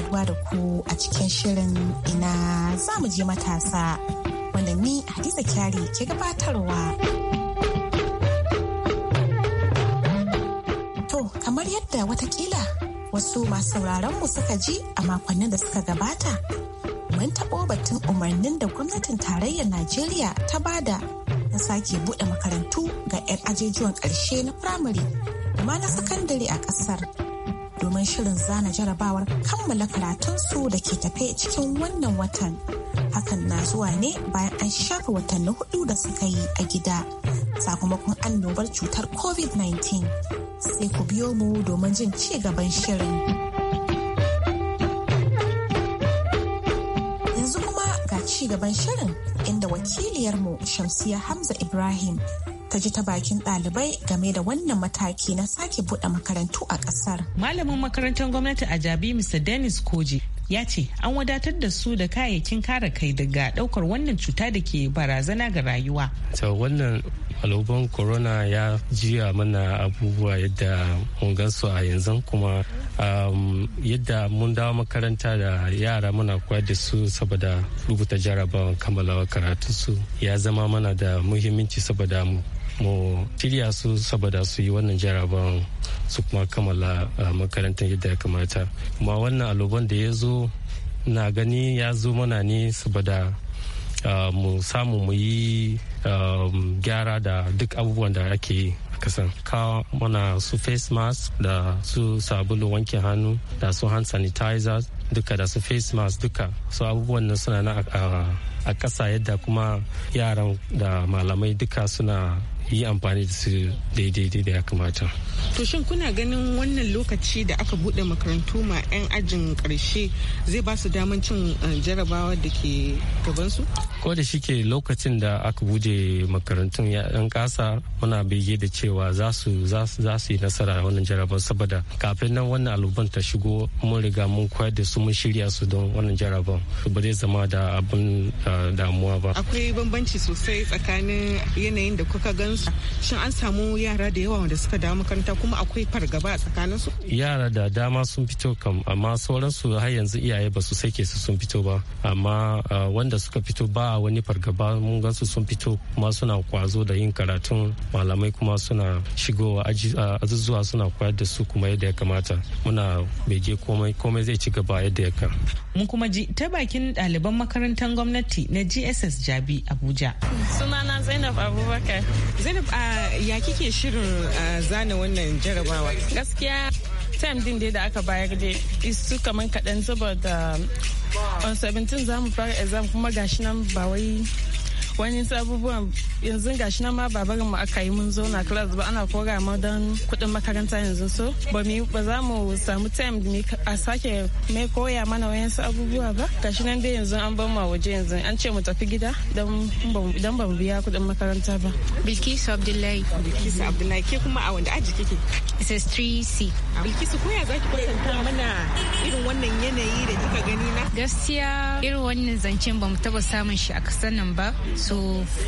saduwa da ku a cikin shirin ina za mu je matasa wanda ni Hadiza Kyari ke gabatarwa. To, kamar yadda watakila wasu masu mu suka ji a makonnin da suka gabata, mun taɓo batun umarnin da gwamnatin tarayyar Najeriya ta bada na sake buɗe makarantu ga 'yan ajejuwan ƙarshe na firamare da ma na sakandare a ƙasar. domin shirin zana jarabawar kammala karatunsu da ke tafe cikin wannan watan. Hakan na zuwa ne bayan an shafe watanni hudu da suka yi a gida sakamakon annobar cutar COVID-19. Sai ku biyo mu domin jin ci gaban shirin. Yanzu kuma ga ci gaban shirin inda wakiliyarmu Shamsiya Hamza Ibrahim ta ji ta bakin ɗalibai game da wannan mataki na sake buɗe makarantu a ƙasar. Malamin makarantar gwamnati a Jabi Mr. Dennis Koji ya ce an wadatar da su da kayayyakin kare kai daga ɗaukar wannan cuta da ke barazana ga rayuwa. Ta wannan alubon corona ya jiya mana abubuwa yadda mun gansu a yanzu kuma um, yadda mun dawo makaranta da yara muna koyar da su saboda rubuta jarabawan kammalawa karatunsu ya zama mana da muhimmanci saboda mu mu shirya su saboda su yi wannan jaraban su kuma kammala ah, makarantar yadda ya kamata kuma wannan aloban da ya zo na gani ya zo mana ne saboda ah, mu samu mu yi ah, gyara da duk abubuwan da ake yi kasan kawo mana su face mask da su sabulu wanke hannu da su hand sanitizers duka da su face mask duka su abubuwan nan suna na a ƙasa yadda kuma yaran da malamai duka suna yi amfani da su daidai da ya kamata. To shin kuna ganin wannan lokaci da aka buɗe makarantu ma 'yan ajin ƙarshe zai ba su daman cin eh, jarabawa da ke gabansu? Ko da shike lokacin da aka buje makarantun 'yan ƙasa muna bege da cewa za su yi nasara a wannan jarabar saboda kafin nan wannan aluban ta shigo mun riga mun koyar da su mun shirya su don wannan jarabar ba zai zama da abin eh, damuwa ba. Akwai bambanci sosai tsakanin yanayin da kuka gan su shin an samu yara da yawa wanda suka dawo makaranta kuma akwai fargaba a tsakanin su yara da dama sun fito kam amma sauransu har yanzu iyaye ba su sake su sun fito ba amma wanda suka fito ba wani fargaba mun su sun fito kuma suna kwazo da yin karatun malamai kuma suna shigowa azuzuwa suna koyar da su kuma yadda ya kamata muna bege komai komai zai ci gaba yadda ya kan mun kuma ji ta bakin ɗaliban makarantar gwamnati na gss jabi abuja sunana zainab abubakar Zainab ya kike shirin zana wannan jarabawa? Gaskiya time din dai da aka bayar da isu kaman kaɗan saboda um, on 17 za mu fara exam kuma gashi nan ba wai wani abubuwan yanzu gashi na ma ba barin mu aka yi mun zauna class ba ana kora ma don kuɗin makaranta yanzu so ba za mu samu time a sake mai koya mana wayansu abubuwa ba gashi nan dai yanzu an ban ma waje yanzu an ce mu tafi gida don ba mu biya kuɗin makaranta ba. Bilkisu Abdullahi. Bilkisu Abdullahi ke kuma a wanda aji kike? SS3C. Bilkisu koya ya zaki kwatanta mana irin wannan yanayi da kika gani na? Gaskiya irin wannan zancen ba mu taba samun shi a kasan nan ba. so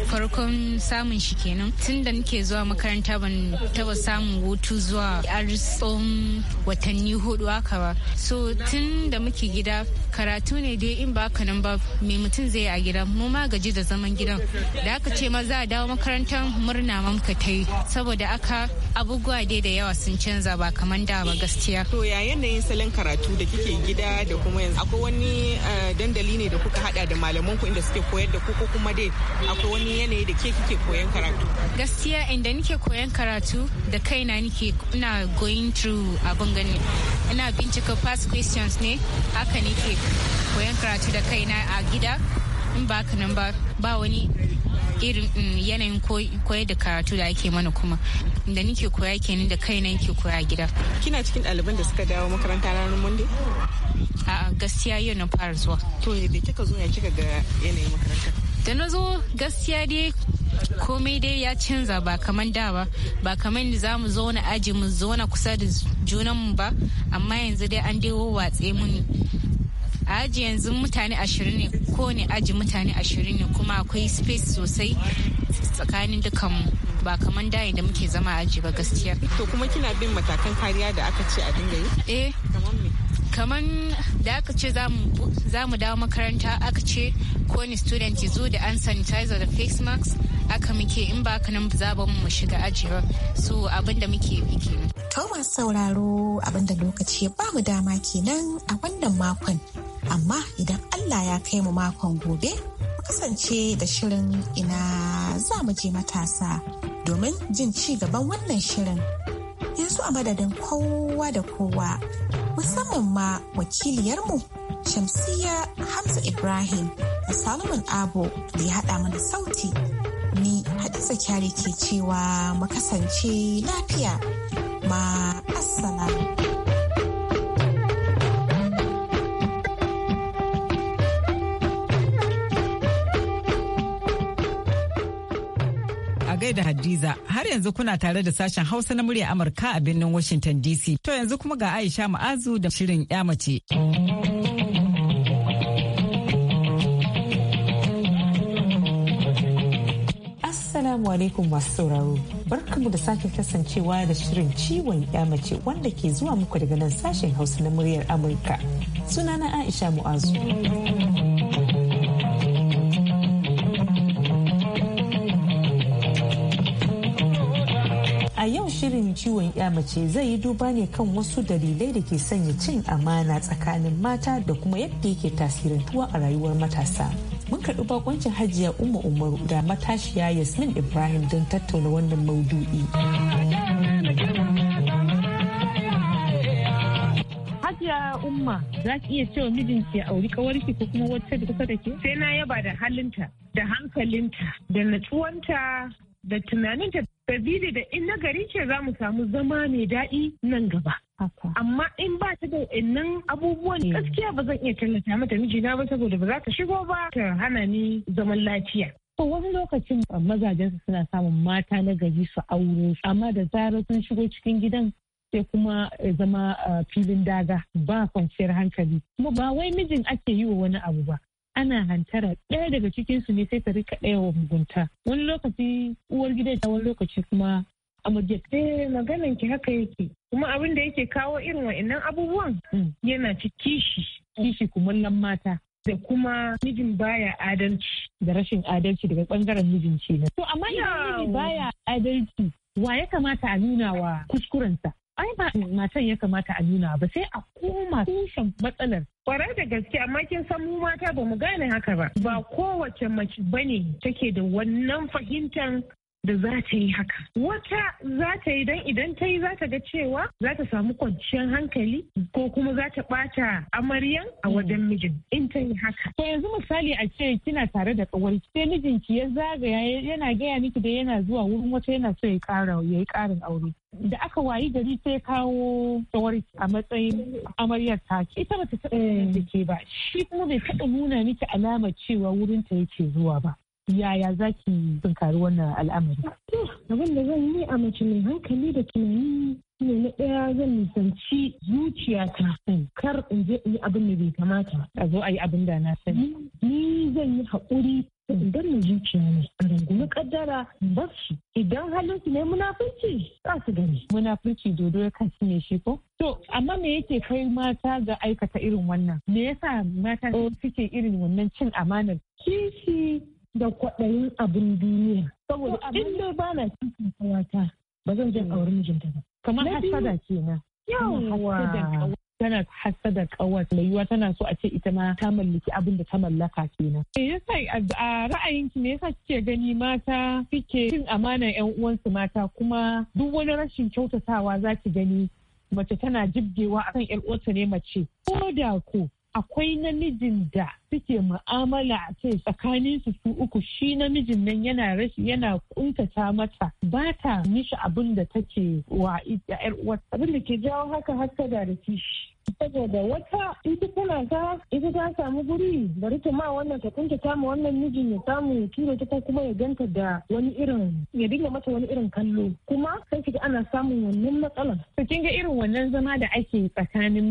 farkon samun shi kenan tun da nake zuwa makaranta ban taba samun hutu zuwa yar tsohon watanni hudu aka ba so tun da muke gida karatu ne dai in ba haka nan ba mai mutum zai a gida mu ma gaji da zaman gidan da aka ce ma za a dawo makarantar murna mamka ta yi saboda aka abubuwa dai da yawa sun canza ba kamar da ba gaskiya to ya yanayin salon karatu da kike gida da kuma yanzu akwai wani eh, dandali ne da kuka hada da malaman ku inda suke koyar da ku ko kuma dai akwai wani yanayi da ke kike koyan karatu gaskiya inda nike koyan karatu da kaina nike ina going through abin gani ina bincika past questions ne haka nike koyan karatu da kaina a gida in ba haka nan ba ba wani irin mm, yanayin koyar da karatu da ake mana kuma da nike koya kenan da kaina nike koya a gida kina cikin ɗaliban da suka dawo makaranta ranar monday a gaskiya yau na fara zuwa to da kika zo ya kika ga yanayin makaranta da na zo gaskiya dai komai dai ya canza ba kamar da ba ba kaman za mu zauna aji mu zauna kusa da junan mu ba amma yanzu dai an dai watse muni a aji yanzu mutane ashirin ne ne aji mutane ashirin ne kuma akwai space sosai tsakanin dukanmu ba kamar da da muke zama aji ba gaskiya to kuma kina bin matakan kariya da aka ce a dinga yi eh kamar da aka ce za mu dawo makaranta aka ce kowane student ya zo da an sanitizer da face mask aka muke in ba nan za ba mu shiga ajiyar su abin da muke To masu sauraro abinda lokaci ya ba mu dama kenan a wannan makon amma idan Allah ya kai mu makon gobe kasance da shirin ina za mu je matasa domin jin ci gaban wannan shirin yanzu a madadin kowa da kowa musamman ma wakiliyarmu Shamsiya Hamza Ibrahim da salomon Abu da ya haɗa mana sauti. Ni hadisa Kyari ke cewa makasance lafiya ma assalamu. da Hadiza. Har yanzu kuna tare da sashen Hausa na murya Amurka a birnin Washington DC. To yanzu kuma ga Aisha Ma'azu da shirin yamace. mace. Assalamu alaikum masu sauraro. Barkamu da sake kasancewa da shirin ciwon mace wanda ke zuwa muku daga nan sashen Hausa na muryar Amurka. Sunana Aisha Mu'azu. A yau shirin ciwon ya mace zai yi duba ne kan wasu dalilai da ke sanya cin amana tsakanin mata da kuma yadda yake tasirantuwa a rayuwar matasa. Mun karɓi bakoncin hajiya Umma Umaru da matashiya Yasmin Ibrahim don tattauna wannan maudu'i. Hajiya Umma za ki iya cewa mijinki ya auri kawarki ko kuma wacce da kusa da ke? Sai na yaba da halinta, da hankalinta, da natsuwanta da tunanin sabili da in na gari ce za mu samu zama mai daɗi nan gaba. Amma in ba ta da innan abubuwan eh. gaskiya ba zan iya tallata mata mijina ba saboda ba za ta shigo ba ta hana ni zaman lafiya. To wani lokacin su suna samun mata na gari su aure amma da zarar sun shigo cikin gidan sai kuma eh, zama filin daga ba kwanciyar hankali kuma ba wai mijin ake yi wa wani abu ba ana hantara ɗaya daga cikin su ne sai ta rika ɗaya wa mugunta wani lokaci uwar gidan ta wani lokaci kuma amurje eh maganan ki haka yake kuma abin da yake kawo irin wa'annan abubuwan hmm. yana ci kishi kishi kumallon mata da kuma mijin baya adalci da rashin adalci daga bangaren mijin ce to amma idan baya adalci wa ya kamata a nuna wa kuskurensa ai ba matan ya kamata a nuna ba sai a koma tushen matsalar kwarar da gaske amma kin san mu mata ba mu gane haka ba ba kowace mace bane take da wannan fahimtar da za ta yi haka. Wata za ta yi don idan ta yi za ta ga cewa za ta samu kwanciyar hankali ko kuma za ta ɓata amaryan a hmm. wajen mijin in ta yi haka. To yanzu misali a ce kina tare da kawai sai mijinki ya zagaya yana gaya miki da yana zuwa wurin wata yana so ya kara ya yi ƙarin aure. da aka wayi gari sai kawo kawar a matsayin amaryar ta eh. ke. ita bata taɓa yin ba shi kuma bai taɓa nuna miki alamar cewa wurin ta yake zuwa ba yaya za ki tunkari wannan al'amari? abin da zan yi a mace mai hankali da tunani ne na ɗaya zan nisanci zuciyata kar in je in yi abin da bai kamata a zo a yi abin da na sani ni zan yi haƙuri idan na zuciya ne rungumi kaddara bar shi. idan halin su ne munafurci za su gani munafurci dodo ya kan ne shi ko to amma me yake kai mata ga aikata irin wannan me yasa mata oh. suke irin wannan cin amanar kishi da kwaɗayin abin duniya. Saboda abin da ba na cikin kawata ba zan jan auren mijinta ba. Kamar hasada ke na. Yawwa. Tana hasada kawar mai yiwuwa tana so a ce ita ma ta mallaki abin da ta mallaka kenan. Me yasa a ra'ayinki me yasa kike gani mata suke cin amana yan uwansu mata kuma duk wani rashin kyautatawa za ki gani mace tana jibgewa akan yar uwarta ne mace. Ko da ko akwai namijin da suke mu'amala a ce tsakanin su su uku shi namijin nan yana rashi yana kuntata mata ba ta mishi abin da take wa ita yar uwa abin da ke jawo haka haka da kishi saboda wata ita tana ta ita ta samu guri bari ta ma wannan ta kunta ta ma wannan mijin ya samu tura ta ko kuma ya ganta da wani irin ya dinga mata wani irin kallo kuma sai kiga ana samun wannan matsalar to kin ga irin wannan zama da ake tsakanin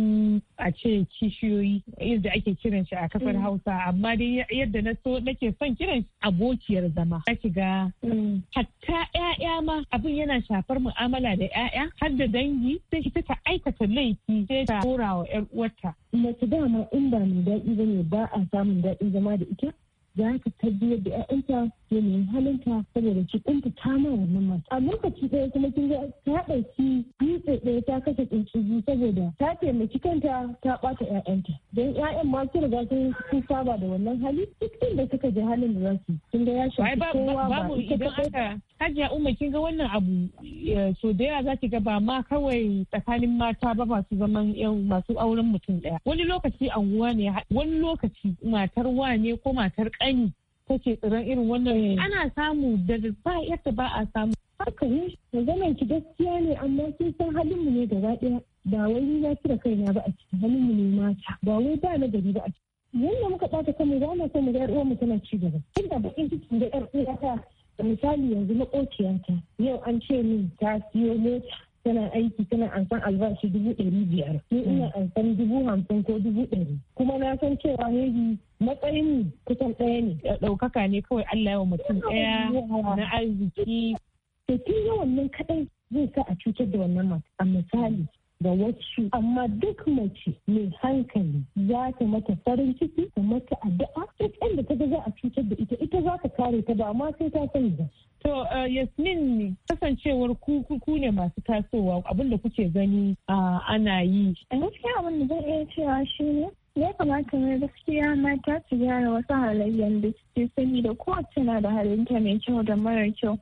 a ce kishiyoyi yadda ake kiran shi a kafar mm. Hausa amma dai yadda na so nake son kiran abokiyar zama ka shiga mm. hatta ƴaƴa ma abin yana shafar mu'amala da ƴaƴa har da dangi sai ta aikata laifi sai ta ɗora wa 'yar uwarta mace dama in ba mai daɗi ba ne ba a samun daɗin zama da ita za ka tabbiyar da 'ya'yanta yanayin halinta saboda shi ɗinta ta ma wannan mata. A lokaci ɗaya kuma kin ga ta ɗauki dutse ɗaya ta kashe tsuntsugu saboda ta taimaki kanta ta ɓata 'ya'yanta. Don 'ya'yan ma su riga sun saba da wannan hali duk inda suka ji halin da za su kin ga ya shafi kowa ba ita kaɗai. Hajiya Umma kin ga wannan abu eh, so da yawa za ki ga ba ma kawai tsakanin mata ba masu zaman yan masu auren mutum daya. Wani lokaci anguwa ne wani lokaci matar wane ko matar kani take tsiran irin wannan eh. ana samu da ba yadda ba a samu. Haka ne, zaman ki gaskiya ne amma sun san halinmu ne gaba ɗaya. Ba wai ya na cire kaina ba a cikin halinmu ne mata, ba wai ba na gari ba a cikin. Yanda muka ɓata kanmu ba na son mu ga 'yar mu tana ci gaba. Inda bakin cikin da 'yar uwa ta misali yanzu makociyarta yau an ce min ta siyo mota tana aiki tana ansan albashi dubu ɗari biyar ni mm. ina ansan dubu hamsin ko dubu ɗari kuma na san cewa ne matsayin kusan ɗaya ne ɗaukaka ne kawai Allah yawa mutum ɗaya na arziki to tun yawan nan kaɗai zai sa a cutar da wannan mata a misali da wasu amma duk mace mai hankali za ta mata farin ciki ta mata addu'a duk inda ta ga za a cutar da ita ita za ta kare ta ba amma sai ta sani ba To uh, Yasmin kasancewar ku ne masu tasowa abinda kuke gani uh, ana yi. Gaskiya abin da zan iya cewa shi ne ya kamata mai gaskiya mata su gyara wasu halayyar da suke sani da kowace na da halinta mai kyau da mara kyau.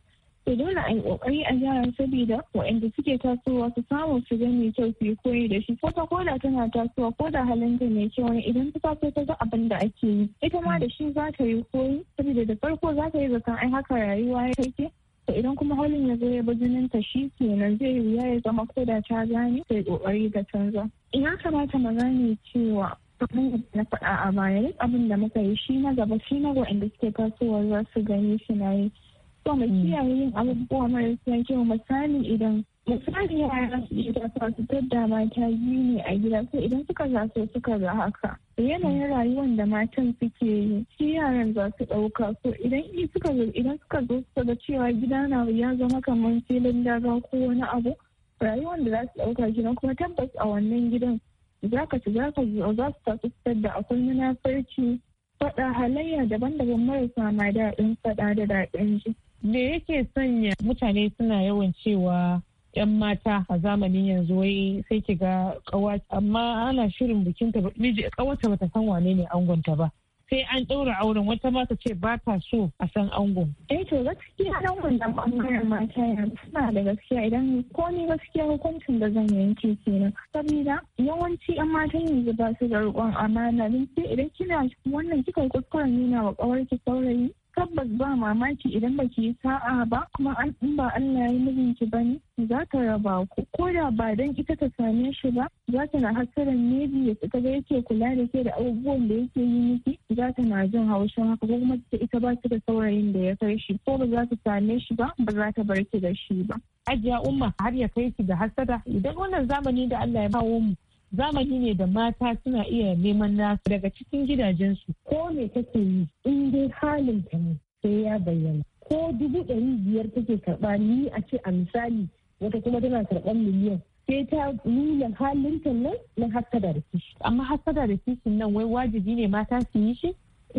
to dole a yi kokari a gyara saboda waɗanda suke tasowa su samu su ga mai kyau su yi koyi da shi ko koda tana tasowa ko da halin da mai kyau ne idan ta taso ta ga abin da ake yi ita ma da shi za ta yi koyi saboda da farko za ta yi zaton ai haka rayuwa ya take to idan kuma halin ya zo ya bi jinin ta shi kenan zai yi ya zama koda ta gane sai kokari ga canza ina kamata mu gane cewa abin na faɗa a baya abin da muka yi shi na gaba shi na waɗanda suke tasowa za su gani shi na yi so mu kiyaye yin abubuwa marasa kyau misali idan misali yara su iya tafiya su tadda mata biyu ne a gida sai idan suka zaso suka ga haka yanayin rayuwar da matan suke yi shi yaran za su ɗauka so idan suka zo idan suka zo suka ga cewa gida na ya zama kamar filin daga ko wani abu rayuwar da za su ɗauka gidan kuma tabbas a wannan gidan za ka ci za ka zo za su tafi fitar da akwai munafarci faɗa halayya daban-daban marasa ma daɗin faɗa da daɗin ji. me yake sanya mutane suna yawan cewa 'yan mata a zamanin yanzu wai sai ki ga kawa amma ana shirin bikin ta miji kawata bata san wane ne angonta ba sai an ɗaura auren wata mata ce ba ta so a san angon. Eh to gaskiya angon da bangaren mata suna da gaskiya idan ko ni gaskiya hukuncin da zan yanke kenan. Saboda yawanci yan matan yanzu ba su da riƙon amana don sai idan kina wannan kika kuskuren nuna wa ƙawar ki saurayi tabbas ba mamaki idan ba ki sa'a ba kuma an in ba Allah ya mijinki ba ne za ta raba ku ko da ba dan ita ta same shi ba za ta na hasaran biyu ya ta ga yake kula da ke da abubuwan da yake yi miki za ta na jin haushin haka ko kuma ta ita ba ta da saurayin da ya kai shi ko ba za ta same shi ba ba za ta bar ki da shi ba. Ajiya umar har ya kai ki da hasada idan wannan zamani da Allah ya bawo mu zamani ne da mata suna iya neman nasu daga cikin gidajensu ko me kake yi in dai halin ta ne sai ya bayyana ko dubu ɗari biyar take karɓa ni a ce a misali wata kuma tana karɓar miliyan sai ta nuna halin ta nan na hasada da kishi. Amma hasada da kishin nan wai wajibi ne mata su yi shi?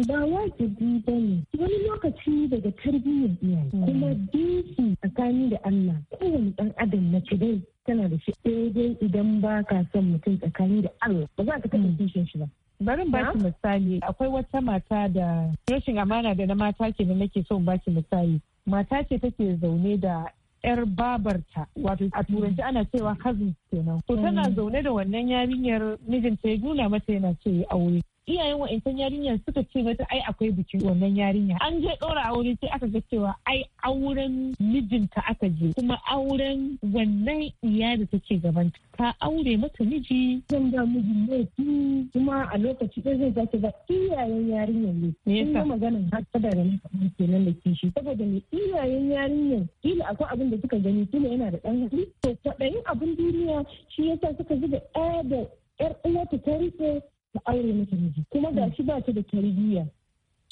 Ba wajibi ba ne. Wani lokaci daga tarbiyyar iyaye hmm. kuma dinki tsakani da Allah kowane dan adam na ce dai tana da shi sai dai idan ba ka son mutum tsakani da Allah ba za ka taɓa hmm. kishin shi ba barin ba ki misali akwai wata mata da rashin amana da na mata ke da nake son ba ki misali mata ce take zaune da yar babarta wato a turanci ana cewa cousin kenan ko tana hmm. zaune da wannan yarinyar mijinta ya nuna mata yana ce aure iyayen wa'ancan yarinyar suka ce mata ai akwai bikin wannan yarinya an je ɗora aure sai aka ga cewa ai auren mijinta aka je kuma auren wannan iya da take gaban ta aure mata miji zan ga mijin ne kuma a lokaci ɗaya zai zaki ga iyayen yarinyar ne sun ga maganar har da ke kenan da kishi saboda ne iyayen yarinyar kila akwai abin da suka gani kila yana da ɗan hali to kwaɗayin abin duniya shi yasa suka zuba ɗaya da 'yar uwa ta rike ta aure mata miji kuma hmm. ga shi ba ta da tarbiyya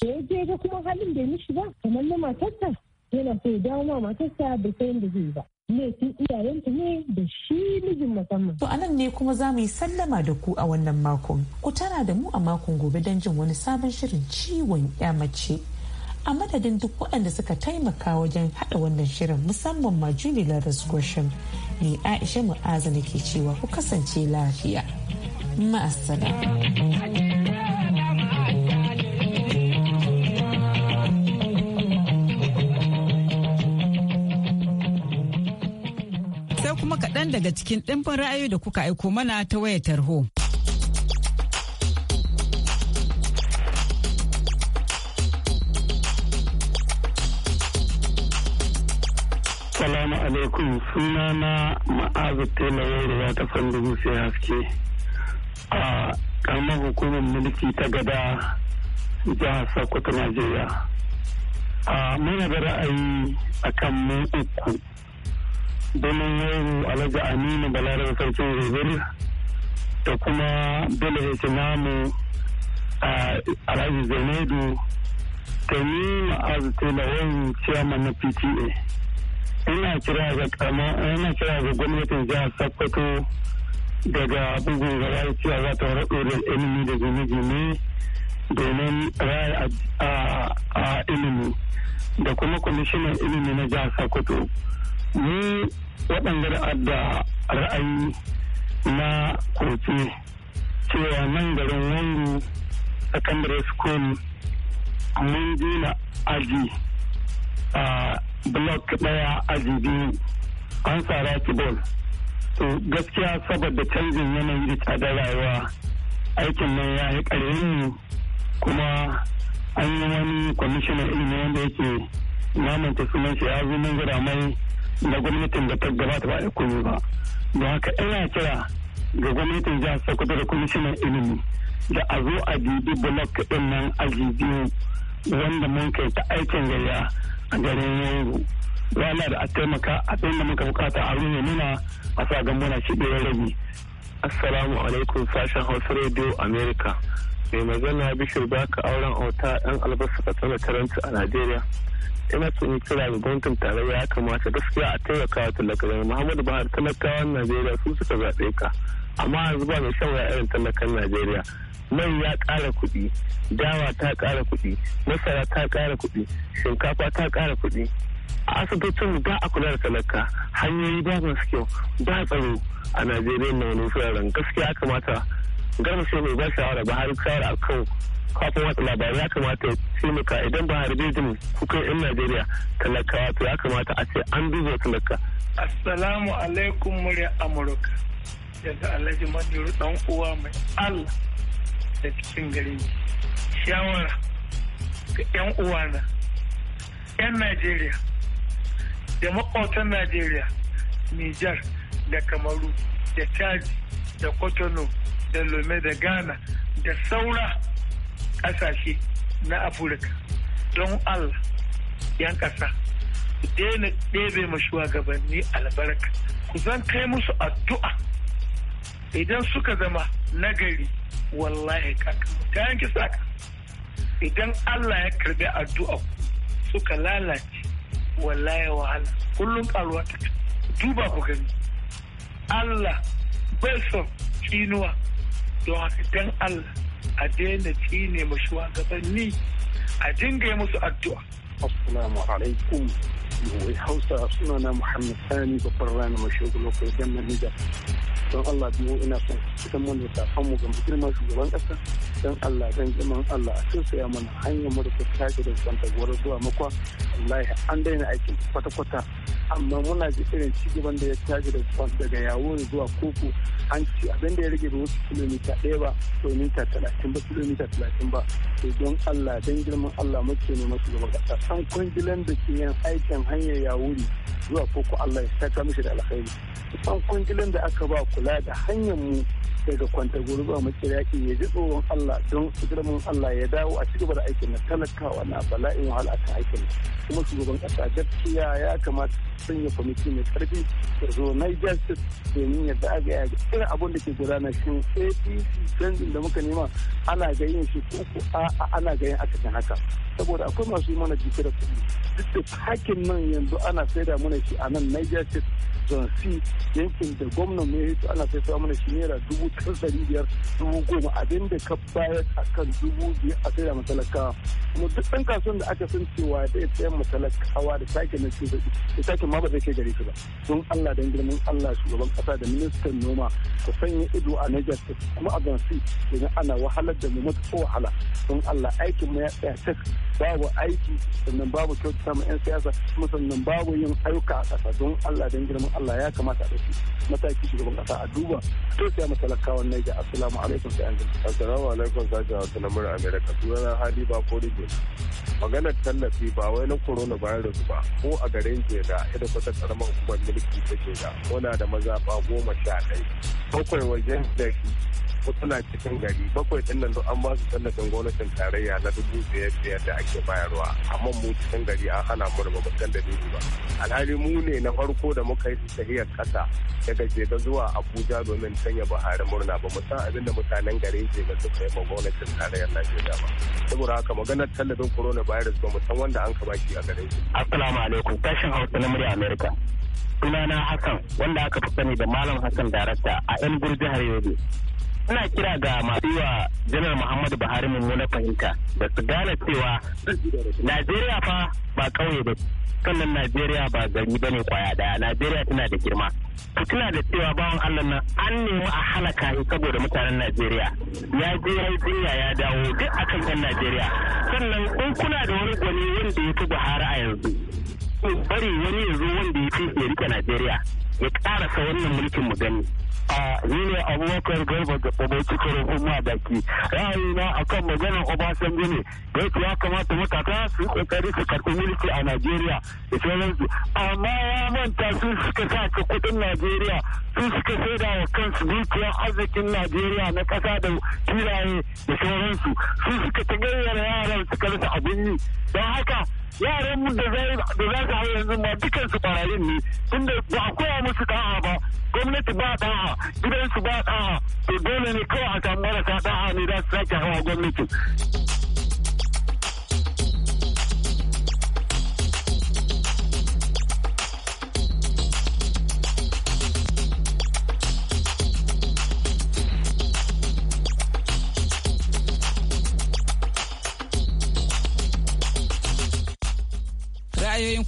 da ya je ga kuma halin da mishi ba kamar na matarsa yana so ya dawo ma matarsa da sayan da zai ba laifin iyayenta ne da shi mijin musamman. To anan ne kuma za mu yi sallama da ku a wannan makon. Ku tana da mu a makon gobe don jin wani sabon shirin ciwon ya mace. A madadin duk waɗanda suka taimaka wajen haɗa wannan shirin musamman ma Julie Ladas ne Aisha mu'aza ke cewa ku kasance lafiya. sai kuma kaɗan daga cikin ɗimbin ra'ayoyi da kuka aiko mana ta wayar tarho. Salamu alaikum na ma'azu tela wayarwa ta fannin sai haske. a karamar hukumar mulki ta gada jihar sokoto najeriya a muna da ra'ayi a kan mu uku domin yau alhaji aminu balarar sarkin rubir da kuma dole ya namu a alhaji zanedu ta ni ma'azu telawai ciyaman na pta ina kira ga gwamnatin jihar sokoto daga bugun gaba da cewa za ta raɗo da ilimi da gine-gine domin raya a ilimi da kuma kwamishinan ilimi na jihar sakoto ni waɗanda da ra'ayi na kotu cewa nan garin wangu secondary school mun gina aji a block ɗaya aji biyu an tsara ki ball to gaskiya saboda canjin yanayi da tsadar rayuwa aikin nan ya yi ƙarfin kuma an yi wani kwamishinan ilimi wanda yake namanta sunan shi ya zo mun mai na gwamnatin da ta gabata ba a kuma ba don haka ina kira ga gwamnatin jihar sokoto da kwamishinan ilimi da a zo a bibi blok din nan aji biyu wanda mun kai ta aikin gayya a garin yanzu rana da a taimaka a da muka bukata a ruwa nuna. a sa gan muna ci ɗaya assalamu alaikum sashen hausa radio america mai magana bishir baka auren auta ɗan albasa ka tsara karanta a najeriya ina so in kira ga gwamnatin tarayya ya kamata gaskiya a taimaka wa talakawa muhammadu buhari talakawan najeriya su suka zaɓe ka amma yanzu ba mai shan irin talakan najeriya mai ya ƙara kuɗi dawa ta ƙara kuɗi masara ta ƙara kuɗi shinkafa ta ƙara kuɗi asibitin ba a kula da talaka hanyoyi ba masu kyau ba tsaro a najeriya na wani wuraren gaskiya kamata garba sai mai ba shawara ba har kawar a kan kafin watsa labarai ya kamata ya taimaka idan ba har jin kukan yan najeriya talakawa to ya kamata a ce an duba talaka. assalamu alaikum murya amurka yadda alhaji madiru dan uwa mai allah da cikin gari shawara ga yan uwana yan najeriya da makwautan najeriya nijar da kamaru da chaji da kotono da lome da ghana da saura ƙasashe na afirka don allah yan ƙasa ku daina ɗebe ma shugabanni albarka ku zan kai musu addu'a idan suka zama nagari wallahi kaka ta yanki saka idan allah ya karbi addu'a suka lalace wallahi wahala kullum karuwa ta duba ku gani Allah bai son tsinuwa don haka Allah a daina tsine mu shugabanni a dinga musu addu'a assalamu alaikum wai hausa sunana muhammad sani babban rana mashigo lokacin nijar don Allah biyu ina son cikin mun da mu ga girman shugaban kasa don Allah dan girman Allah a tausaya mana hanyar mu da ta tashi da kwanta gwara zuwa makwa wallahi an daina aikin kwata-kwata amma muna ji irin cigaban da ya tashi da kwanta daga yawo zuwa koko an ci abin da ya rage da wasu kilomita ɗaya ba mita talatin ba kilomita talatin ba to don Allah dan girman Allah muke neman shugaban ƙasa an kwangilan da ke yin aikin hanyar yawuri zuwa koko Allah ya saka mishi da alkhairi an kwangilan da aka ba kula da hanyar mu daga kwanta gurba makiraki ya ji tsoron Allah don girman Allah ya dawo a cigaba da aikin na talakawa na bala'in wahala ta aikin kuma shugaban kasa gaskiya ya kamata sanya kwamiti mai karfi ya zo Niger State domin ya daga ya irin abin da ke gudana shi APC canjin da muka nema ana ga yin shi ko ko a ana ga yin akasin haka saboda akwai masu yi mana jikin da kuɗi duk da hakin nan yanzu ana saida mana shi a nan Niger State Zone C yankin da gwamnan mai ana sai samu mana shi naira dubu takwas ɗari biyar dubu goma abin da ka bayar a kan dubu biyar a sai da matalakawa kuma duk ɗan kasuwan da aka san cewa da ya tsayan matalakawa da sake na shi da sake ma ba zai kai gare shi ba don Allah dan girman Allah shugaban kasa da ministan noma ku sanya ido a Niger kuma a Gansi idan ana wahalar da mu mata wahala don Allah aikin mu ya tsaya tak babu aiki sannan babu kyautata ma 'yan siyasa kuma sannan babu yin ayyuka a ƙasa don Allah dan girman Allah ya kamata a ɗauki mataki shugaban kasa a duba to sai mu talakawan ga assalamu alaikum sai an ji assalamu alaikum sai ga sunan America sunana Hadi ba ko rige maganar tallafi ba wai na corona virus ba ko a garin Jeda ita kusa karamar hukumar mulki ta ko muna da mazafa goma sha ɗaya bakwai wajen da suna cikin gari bakwai ɗin nan an ba su tallafin gwamnatin tarayya na dubu biyar biyar da ake bayarwa amma mu cikin gari an hana mu da babban dalili ba alhali mu ne na farko da muka yi tahiyar ƙasa daga jeda zuwa abuja domin sanya buhari murna ba mu san abin da mutanen garin jega suka yi ma gwamnatin tarayyar najeriya ba saboda haka maganar tallafin corona coronavirus ba mu san wanda an ka shi a garin shi assalamu alaikum tashin hausa na murya america sunana hassan wanda aka fi sani da malam hassan darakta a yan jihar yobe ana kira ga masu yiwa janar muhammadu buhari mummuna fahimta da su gane cewa najeriya fa ba kauye ba sannan najeriya ba gari ba ne kwaya daya najeriya tana da girma ku tuna da cewa bawan allah nan an nemi a halaka shi saboda mutanen najeriya ya je ya jinya ya dawo duk akan yan najeriya sannan in kuna da wani gwani wanda ya fi buhari a yanzu bari wani yanzu wanda ya fi rike najeriya ya karasa wannan mulkin mu gani a ni ne abubakar garba ga tsaboci karin kuma da ke ra'ayina a kan maganar obasanjo ne da yake ya kamata matasa su yi kokari su karɓi mulki a najeriya da sauransu amma ya manta su suka sa ka kuɗin najeriya su suka saida wa kansu dukiyar arzikin najeriya na ƙasa da filaye da sauransu su suka gayyar yaran suka rasa abin yi don haka yaran mu da za su hau yanzu ma dukansu ɓarayin ne tunda ba a koya musu da'a ba gwamnati ba da'a gidansu ba da'a to dole ne kawai a samu marasa da'a ne za su sake hawa gwamnati.